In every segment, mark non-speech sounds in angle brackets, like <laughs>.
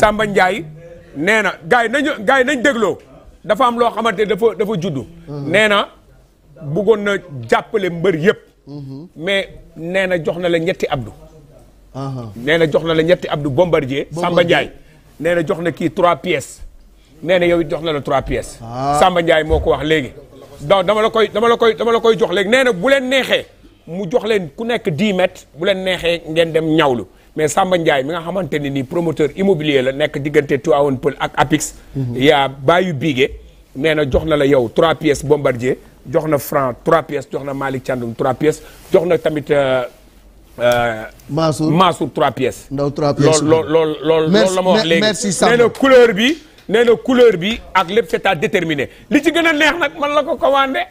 Samba Ndiaye nee na gars yi nañu gars yi nañ dégloo dafa am loo xamante dafa dafa juddu. nee na bëggoon na jàppale mbër yëpp. mais nee na jox na la ñetti abdu. nee na jox na la ñetti abdu bombardier. Samba Ndiaye nee na jox na kii trois pièces. nee na yow jox na la trois pièces. Ah. Samba Ndiaye moo ko wax léegi. donc dama la koy dama la koy dama koy jox léegi nee na bu leen neexee mu jox leen ku nekk dix bu leen neexee ngeen dem ñawlu. mais Samba Ndiaye mi nga xamanteni ni promoteur immobilier la nek diggante Tivaouane Peulh ak Apix. Mhm. yaa bàyyi biige nee na jox na la yow 3 pièces bombardier joxna franc 3 pièces joxna Malik Malick Thiandoum 3 pièces jox na tamit. Euh, euh, Mansour Mansour 3 pièces. ndaw 3 pièces lool lool lool lool la ma wax légui merci Samba couleur bi. nee na couleur bi ak lépp c'est à déterminer li ci gëna a neex nag man la ko commandé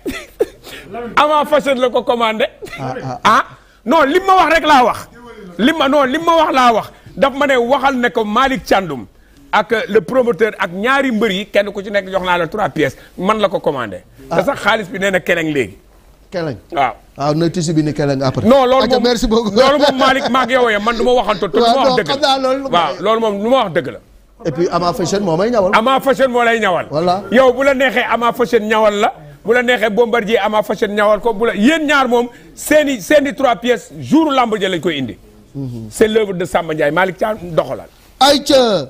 <laughs> avant fashion la ko commandé. ah, ah, ah. ah non li ma wax rek la wax. li ma non li ma wax laa wax daf ma ne waxal ne ko Malick Thiandoum ak euh, le promoteur ak ñaari mbër yi kenn ku ci nekk jox naa la trois pièces man la ko commandé. ah te sax xaalis bi nee na keneen léegi. keleng waaw waaw ah, na tissu bi ni keleng après. non loolu moom merci beaucoup <laughs> loolu moom man du ma waxanto te du ma wax dëgg la waaw loolu moom lu wax dëgg la. et puis Ama Fashion moo may ñawal. Ama Fashion moo lay ñawal. voilà yow bu la neexee amaa Fashion ñawal la. bu la neexee Bombardier Ama Fashion ñawal ko bu la yéen ñaar moom seen i seen i trois lamb ja lañ koy indi. c'est l'œuvre de Samba Ndiaye Malick Thiam doxalal. ayca.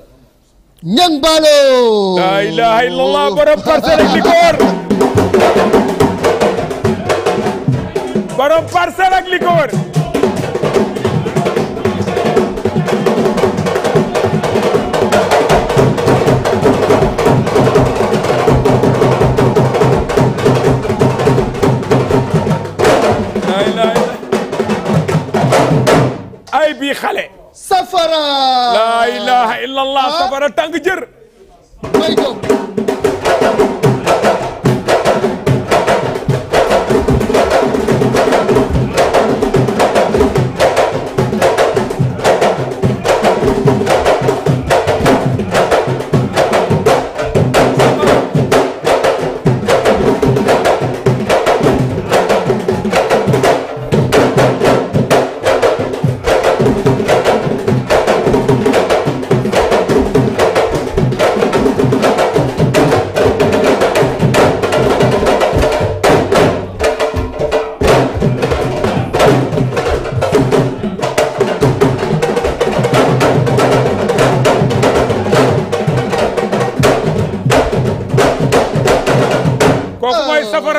ñang baalo. la ilaha illallah borom parcelle likoor. ياي بي خلي سفرة لا إله إلا الله سفرة تنجر ويجو طيب.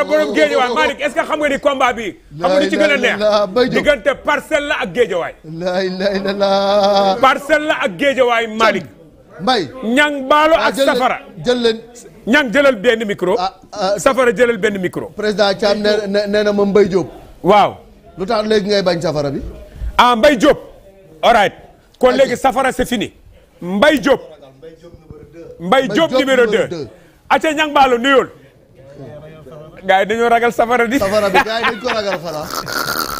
borom géejawaay Malick est-ce que xam nga ni kombaa bi. xam nga ni ci gën a neex diggante parcelle la ak géejawaay. la ak géejawaay Malick. Mbaye. ñang baalo ak ah, safara jël leen ñang jëlal benn micro. Ah, ah. safara jëlal benn micro. président Thiam nee nee na ma mbay jóob waaw. lu tax léegi ngay bañ safara bi. ah Mbaye Diop. all kon léegi safara c'est fini. Mbaye Diop. Mbaye Diop numéro 2. Mbaye ñang baalo nuyool. gars yi dañoo ragal safara di. safara bi gars yi dañ ko ragal fara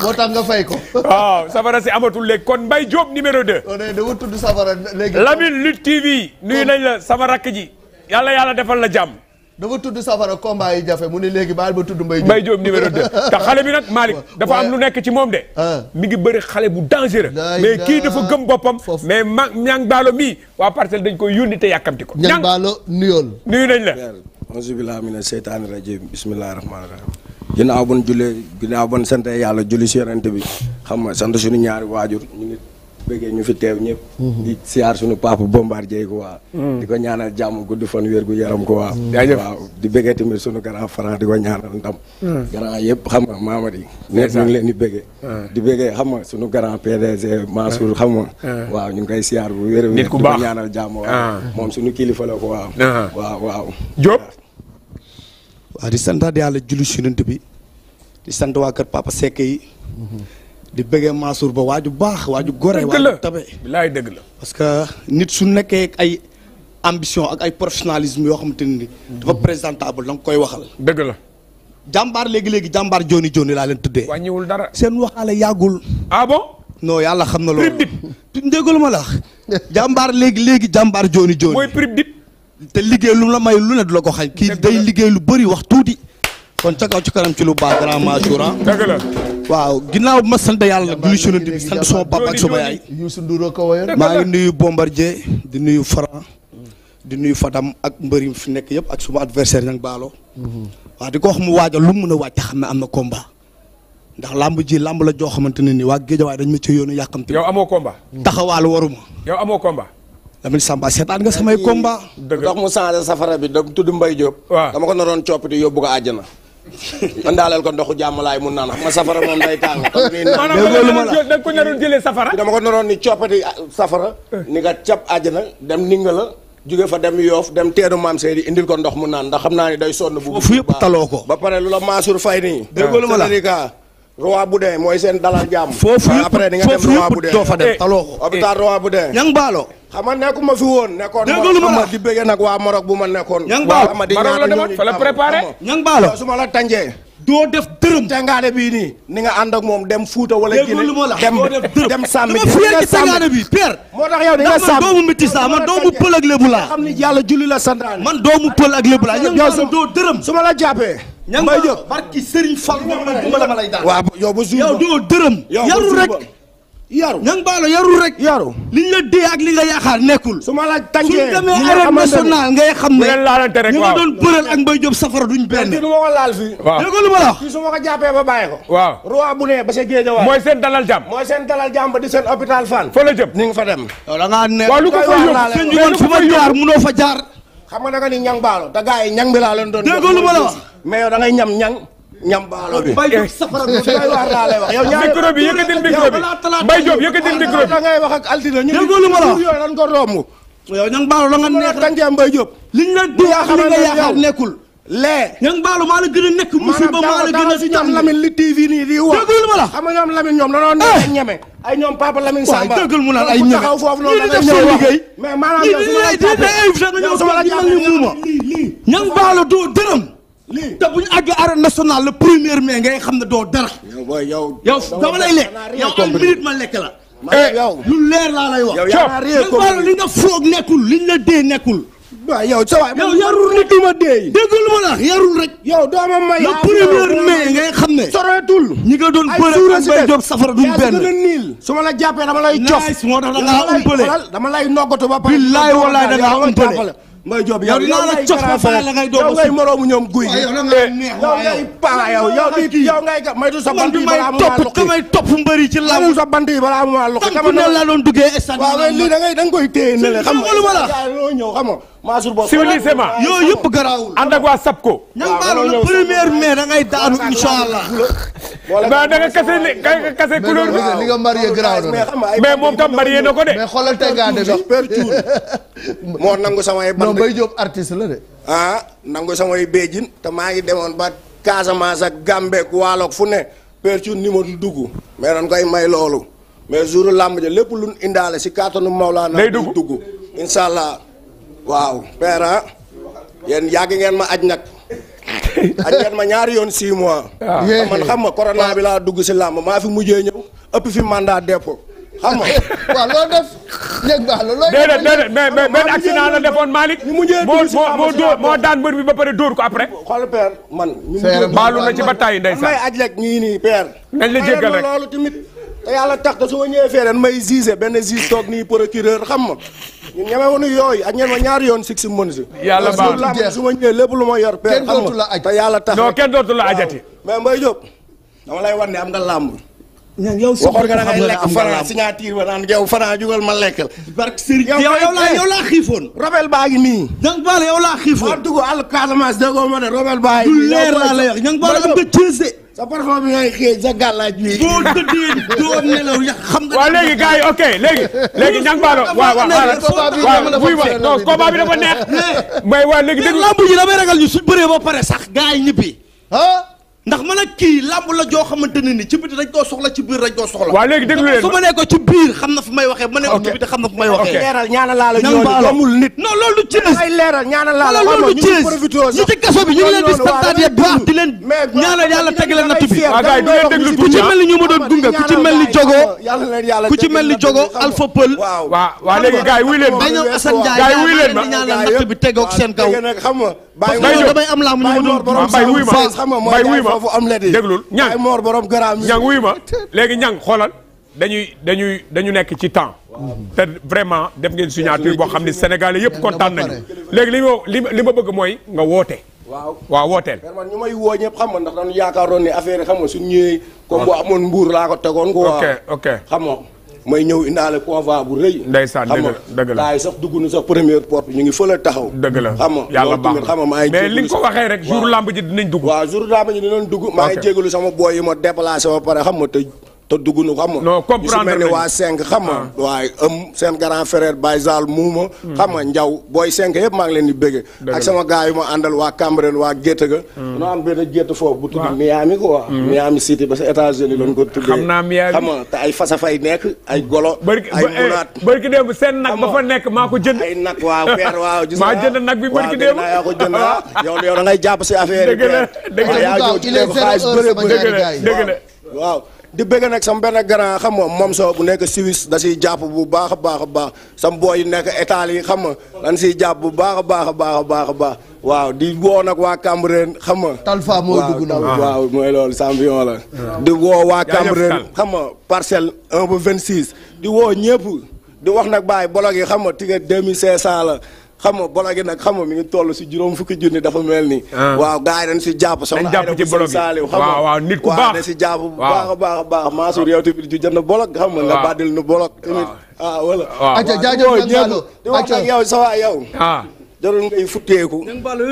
moo tax nga fay ko. <laughs> waaw safara si amatul léegi kon mbay joob numéro 2. on est dama tudd safara léegi. Lamine Lutte TV nuyu nañ la sama rakk ji yàlla yàlla defal la jàmm. dafa tudd safara combat yi jafe mu ne léegi baal ba tudd mbay Diop Mbaye Diop numéro 2 <laughs> te xale bi nag Malick dafa am lu nekk ci moom de ah. mi ngi bëri xale bu dangereux mais kii dafa gëm boppam mais ma ñang baalo mii waa parcelle dañ koy yónni te yàkkamti ko ñang baalo nuyool nuyu nañ la auzubilaahi mina seytaani rajiim bismillaahi rahmaani rahiim ginnaaw bon jullee ginnaaw bon sant yàlla julli si yonent bi xam nga sant suñu ñaari waajur ñu ngi bëggee ñu fi teew ñëpp mm-hmm. di siyaar suñu papa bombardier ko waa mm. di ko ñaanal jàmm gudd fan wér gu yaram ko waa mm. waaw di bëggee tamit suñu grand franc di ko ñaanal ndam mm. grand yëpp xam nga Mamadi nekk leen di bëggee di bëggee xam nga suñu grand PDG Mansour xam nga waaw ñu ngi koy siyaar bu wér wér di ko ñaanal jàmm ah. uh-huh. waaw moom waaw di santaat yàlla julli sunant bi di sant waa kër papa Seck yi di bëggee Mansour ba waaju baax waaju gore waaju tabe bilaay dëgg la parce que nit su nekkee ay ambition ak ay professionnalisme yoo xamante ne ni dafa mhm. présentable da koy waxal dëgg la jàmbaar léegi-léegi jàmbaar jooni jooni laa leen tuddee wàññiwul dara seen waxaale yàggul ah bon non yàlla xam na loolu prib dip ma la <laughs> jàmbaar léegi-léegi jàmbaar jooni jooni te liggéey lu la may lu ne du la ko xañ kii day liggéey lu bari wax tuuti kon ca kaw ci kanam ci lu baax grand majoura ah. waaw ginnaaw ma sant yàlla nag julli di sant sama papa ak sama yaay Youssou Ndour ko wayoon maa ngi nuyu di nuyu Franc di nuyu Fadam ak mbërim fi nekk yëpp ak suma adversaire nag baalo waaw di ko wax mu waajal lu mu mën a waaj te xam ne am na combat ndax làmb ji làmb la joo xamante ne nii waa Géejawaay dañ ma ci yoonu yàkkamti yow amoo combat taxawaalu waruma yow amoo combat dama ni samba setan nga samay combat dox mu changer safara bi dog tuddu mbay job dama ko kan naron coppite yóbbu ko aljana man dalal ko ndoxu jamalay mu nana, naan xam safara mom day tàng da ko naron jele safara dama ko naron ni coppite safara ni nga aja nah. <laughs> aljana dem ninggal, eh. juga fa dem yof dem teeru mam seydi indil ko kan ndox mu nan ndax xamna ni day sonu bu fu yëpp ya, taloko ko ba pare lula la fay ni déggoolu la la roi boudin moy sen dalal jam fofu après ni nga dem roi boudin do fa dem eh. taloko hopital roi boudin yang balo. xam nga nekkuma fi woon. nekkoon ma di bëgg nag waa Maroc bu ma nekkoon. ñang baalo Maroc la demoon fa la préparé. ñang baalo su ma la tànjee. doo bii nii ni nga ànd ak moom dem Fuuta wala. Guinée dem dem sàmm ji. dama ci tàngaane bi Pierre. moo tax yow di nga sàmm man doomu métis laa man doomu pël ak lébu laa. xam ni yàlla la santaane. man doomu pël ak lébu laa. yow su doo dërëm su ma la jàppee. ña nga barki Serigne Fall. dama lay daan waaw yow ba suur yow doo dërëm. yow yarul rek. yaru ñang balo yaru rek yaru liñ la dé ak li nga yaakar nekul suma la tangé su démé arène national ngay xamné ñu laalante rek waaw doon beural ak mbay job safara duñ benn ñu mako laal fi dégo luma wax ci suma ko jappé ba bayé ko waaw roi bu né ba sé géjé wa moy seen dalal jam moy seen dalal jam ba di seen hôpital fan fa la jëm ñing fa dem la nga né wa lu ko fa yob seen ñu won suma jaar mëno fa jaar xam nga da nga ni ñang balo da gaay ñang bi la leen doon dégo luma la wax mais da ngay ñam ñang ñam baalo bi Mbaye Diop safara bi wax laa lay wax yow ñaar micro bi yëkkatil micro bi Mbaye Diop yëkkatil micro bi da ngay wax ak altine ñu déglu lu ma la yooyu dañ ko romb yow ñang baalo la nga neex tànkee Mbaye Diop liñ la di yaakaar li nga yaakaar nekkul lee ñang baalo maa la gën a nekk musiba maa la gën a si ñoom Lamine li TV nii di wax déglu lu ma la xam nga ñoom Lamine ñoom dañoo nekk eh! ñeme ay ñoom Papa Lamine Samba dëggal mu naan ay ñeme taxaw foofu noonu da ngay ñëw liggéey mais maanaam eh, yow su ma la invité nga ñëw sama la jàpp muuma ñang baalo doo dërëm lii te bu ñu àggee arène nationale le premier mais ngay xam ne doo dara. yow yow dama lay lekk yow am minute ma lekk la. yow eh, lu leer laa lay wax. li nga foog nekkul liñ la dee nekkul. waaw yow sa waay yow yarul rek ma dee. déggul ma la yarul rek. yow dooma may ngay xam ne. soreetul ñi nga doon bëre ak Mbaye Diop safara duñ benn. su ma la jàppee dama lay cof. moo tax da ngaa umpale dama lay noggatu ba pare. billaay wallaay da ngaa umpale Mbaye Diop yow dinaa la cox ba pare la ngay doog a yow ngay moroomu ñoom guy gi. yow ngay paa yow yow di sa bant yi balaa mu maa lokk damay topp mbëri ci la sa bant yi balaa mu maa lokk. dama ne la doon duggee stade. waaw lii da ngay da nga koy téye ne le xam Mansour Boss civilisement yooyu yëpp garaawul ànd ak waa SAPCO. le premier mai da ngay daanu kasih allah. da nga kase nga kase couleur bi. li nga marié garaaw la mais moom tam marié na ko de. mais xoolal tey ngaa de moo nangu samay band. non Mbaye Diop artiste la de. ah nangu samay béjjin te maa ngi demoon ba Casamance ak Gambek Waaloog fu ne pertu ni ma dugg mais dañ koy may loolu mais jour làmb ja lépp luñ indaale si kàttanu Mawlaana. day dugg dugg waaw père yéen yàgg ngeen ma aj nag <laughs> aj ngeen ma ñaari yoon six mois ah. man xam nga corona bi laa dugg si làmb maa fi mujjee ñëw ëpp fi mandat dépôt xam nga <laughs> waaw loolu def yëg mais mais benn accident mujjee moo moo dóor moo daan mbër bi ba pare dóor ko après xool père man ñu mujjee baalu na ci ba tàyyi ndeysaan may aj rek ñii nii père nañ la jéggal rek loolu tamit te yàlla tax te su ma ñëwee fee ren may juge benn juge toog nii procureur xam nga ñu ñemewuñu yooyu ak ñen ma ñaari yoon six mëns yàlla baax su ma ñëwee lépp lu ma yor père xam nga te yàlla tax non kenn dootu la ajati mais mbay Diop dama lay wan ne am nga làmb ñan yow su ko nga ngay lek fara signature ba naan yow fara jugal ma lekal serigne yow yow la yow la xifon eh, robel baagi ni ñang bal yow la xifon ma dugg al casamance dego ma ne robel baagi leer la la yox ñang bal am nga sa parfum bi ngay xëy sa gàllaaj bi. boo tëddee doo nelaw ya xam nga. waaw léegi gars yi ok léegi. léegi ña nga baalo waa waaw waaw buy wax non combat bi dafa neex. mais waaw léegi dégg nga lamb yi damay ragal ñu su bëree ba pare sax gars yi ñibbi ah. ndax man ak kii làmb la joo xamante ne ni ci biti dañ koo soxla ci biir dañ koo soxla. waaw léegi leen su ma ci biir xam na fu may waxee. ok ma nee ko ci biti xam na fu may waxee. leeral ñaanal laa la ñooñu amul nit. non loolu du Thiès ay la loolu ci kaso bi ñu ngi leen di santaat ya baax di leen ñaanal yàlla tegale natt bi. waaw ah. mel ni ñu ma doon gunga ku ci mel ni Jogo. ku ci mel ni Jogo Alpha Peul. ma bay damay am laamu ñu ma doon bay wuy ma xam am la di déglul ñang bay moor borom garaam ñang wuy ma léegi ñang xoolal dañuy dañuy dañu nekk ci temps te vraiment def ngeen signature boo xam ne sénégalais yëpp kontaan nañu léegi li ma li ma bëgg mooy nga woote waaw waaw wooteel man ñu may woo ñëpp xam nga ndax dañu yaakaaroon ne affaire yi xam nga suñ ñëwee comme bu amoon mbuur laa ko tegoon ko waaw ok ok may ñëw indaale convoi bu rëy. ndeysaan dëgg la dëgg la xam nga sax dugg na sax première porte ñu ngi fële taxaw. dëgg la yàlla baax xam nga maa ngi mais li nga ko waxee rek jour lamb ji dinañ sama booy yi ma déplacé ba pare xam nga te te dugg nu xam nga. non comprendre ni waa Seng xam nga. Ah. waaye ëm seen grand frère Baye Zal muuma. Hmm. xam nga booy Seng yëpp maa ngi leen di bëgge ak sama gars yu ma àndal waa Cambérène waa Gétt ga. noo hmm. am benn gétt foofu bu tudd Miami quoi. Hmm. Miami City ba sa États-Unis lañ ko tuddee. xam naa Miami xam te ay fasa fay nekk ay golo. ay eh, munaat barki démb seen nag ba fa nekk maa ko jën ay nag waa père waaw. gis nga maa jënd nag bi barki démb waaw yaa ko ah. <laughs> yow yow da ngay jàpp si affaire yi. di bëgg nak sama ben grand xam mom moom soo bu nek Suisse da ci japp bu baax baax baax sama boy yu nekk Italie xam nga ci japp bu baax baax baax baax baax waaw di wo nak wa Cambérène xam Talfa mo dugg na waaw moy loolu champion la. di wo wa Cambérène xam parcel parcelle 1 ba 26. di wo ñepp di wax nak bay bolog yi xam nga 2500 la. xam nga bolo gi nag xam nga mi ngi toll si juróom fukki junni dafa mel nii. Ah. waaw gars yi dañ si jàpp soxna. dañ jàpp ci bolo gi waaw si jàpp bu baax a baax a baax. Mansour yow tamit ju jënd bolog xam nga nga bàddil nu bolog. tamit ah wala. waaw acca jaajëf di wax ak yow sa waa yow. ah. jarul ngay futteeku.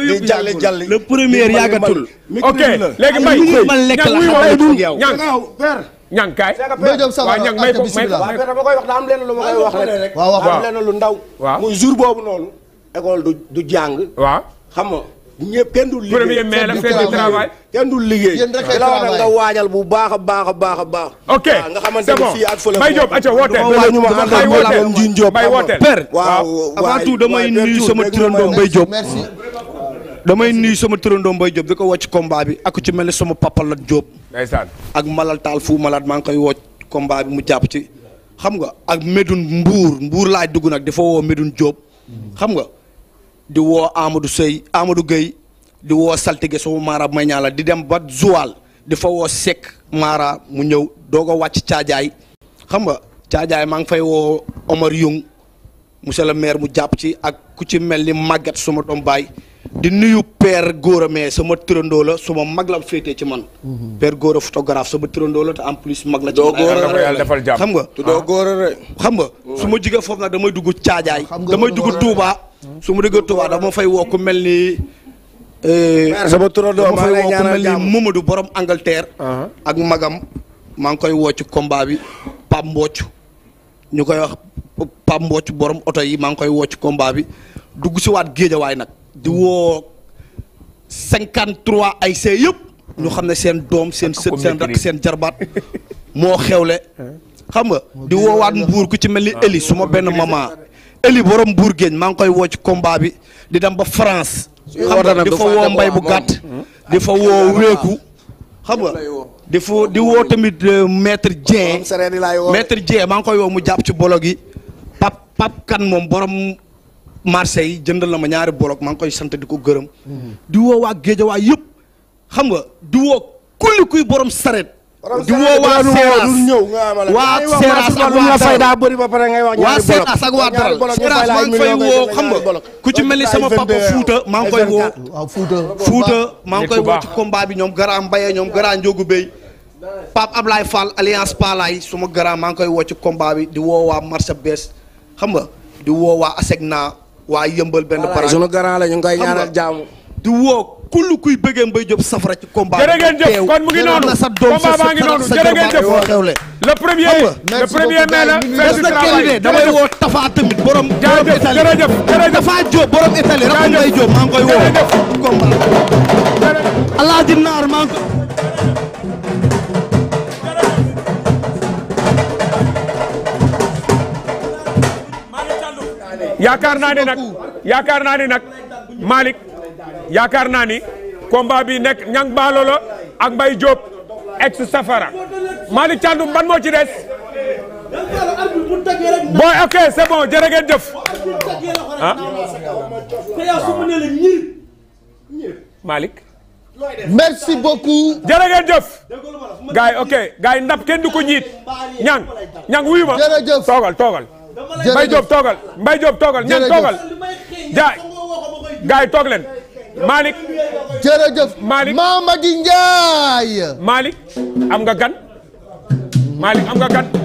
di jàll jàll le premier yàggatul. ok léegi mbay ñang kaay waaw ñang may ko may ko waaw dama koy wax daa am lenn lu ma koy wax rek. waaw waaw daa am lenn lu ndaw. waaw muy jour boobu noonu. école du du jàng. waaw xam nga ñëpp kenn du. liggéey premier mai la fête du travail kenn du liggéey. yéen rek la war nga waajal bu baax a baax a baax a baax. ok nga xamante ne fii ak fële. Mbaye Diop acca wooteel dama ñu ma àndal ma la moom Diop. Mbaye wooteel père waaw avant tout damay nuyu sama turandoo Mbaye Diop. damay nuyu sama turandoo Mbaye Diop di ko wàcc combat bi ak ci mel ni sama papa la Diop. ndeysaan ak Malal Taal Fou Malade maa ngi koy wocc combat bi mu jàpp ci. xam nga ak Medoune Mbour Mbour laay dugg nag dafa woo Medoune Diop xam nga di woo Amadou sëy amadu Gueye di woo saltige sumu maara may ñaala di dem ba Joal di fa woo Seck maara mu ñëw doog a wàcc caajaay xam nga caajaay maa ngi fay woo Omar Young monsieur le maire mu jàpp ci ak ku ci mel ni màggat suma doomu baay di nuyu père Gora mais sama turandoo la suma mag la féetee ci man. Mhm. père Gora photographe sama turandoo la te en plus mag la. ci man ay defal jàmm xam nga. doo ah. Gora xam nga su ma jigee foofu nag damay dugg caajaay. damay dugg Touba. su ma duggee Touba dama fay woo ku mel ni. Eh, sama turandoo maa ngi lay ñaanal jàmm Angleterre. Uh-huh. ak magam maa ngi koy wocc ci combat bi Pape Mbocc ñu koy wax Pape Mbocc borom oto yi maa ngi koy wocc ci bi dugg si waat géejawaay nag. di 53 ay see yëpp ñu xam ne seen doom seen sët seen rak seen jarbaat moo xewle xam nga di woowaat mbuur ku ci mel ah. Eli suma benn mama, Eli borom mbuur géeñ maa ngi koy woo ci combat bi di dem ba France xam nga hmm? di fa woo mbay bu gàtt di fa woo wéeku xam nga di fa di woo tamit euh, maître Dieng maître Dieng maa ngi koy woo mu jàpp ci bolo pap pap kan moom borom marché yi jënd la ma ñaari bolok maa ngi koy sant di ko gërëm. di woo waa Géejawaay yëpp xam nga di woo kulli kuy borom sareet. di woo waa Seras waa Seras ak waa Daral waa Seras ak woo xam ku ci mel ni sama papa Fouta maa ngi koy woo. Fouta maa ngi koy woo ci bi ñoom Gara Mbaye ñoom Gara Ndiogu Bey. Pape Ablaye Fall alliance Palaay suma Gara maa ngi koy woo ci combat bi di woo waa marché bees xam nga di woo waa ASECNA. waa yëmbal benn bara sunu garant la ñu ngi ñaanal jaamu di woo kullu kuy bëggee mbay jóg safara ci combat jërë ngeen jëf kon mu ngi noonu combat baa ngi noonu jërë ngeen jëf le premier le premier mai la fête du travail damay borom borom Italie jërëjëf maa ngi koy woo combat Naar maa yaakaar naa ne yaakaar naa ni nag yaakaar naa ni combat bi nekk ñang baalo la ak Mbaye Diop ex safara Malick Thiandoum ban moo ci des booy ok c'est bon jërë ngeen jëf ah Malick jëf. gars yi ok gars kenn du ko ñiit. ñang ñang wuyu toogal toogal. Mbaye Diop toogal Mbaye Diop toogal ñan toogal. jaay gars toog leen. Malick jërëjëf Malick Mamadi Ndiaye. Malick am nga gan Malick am nga gan.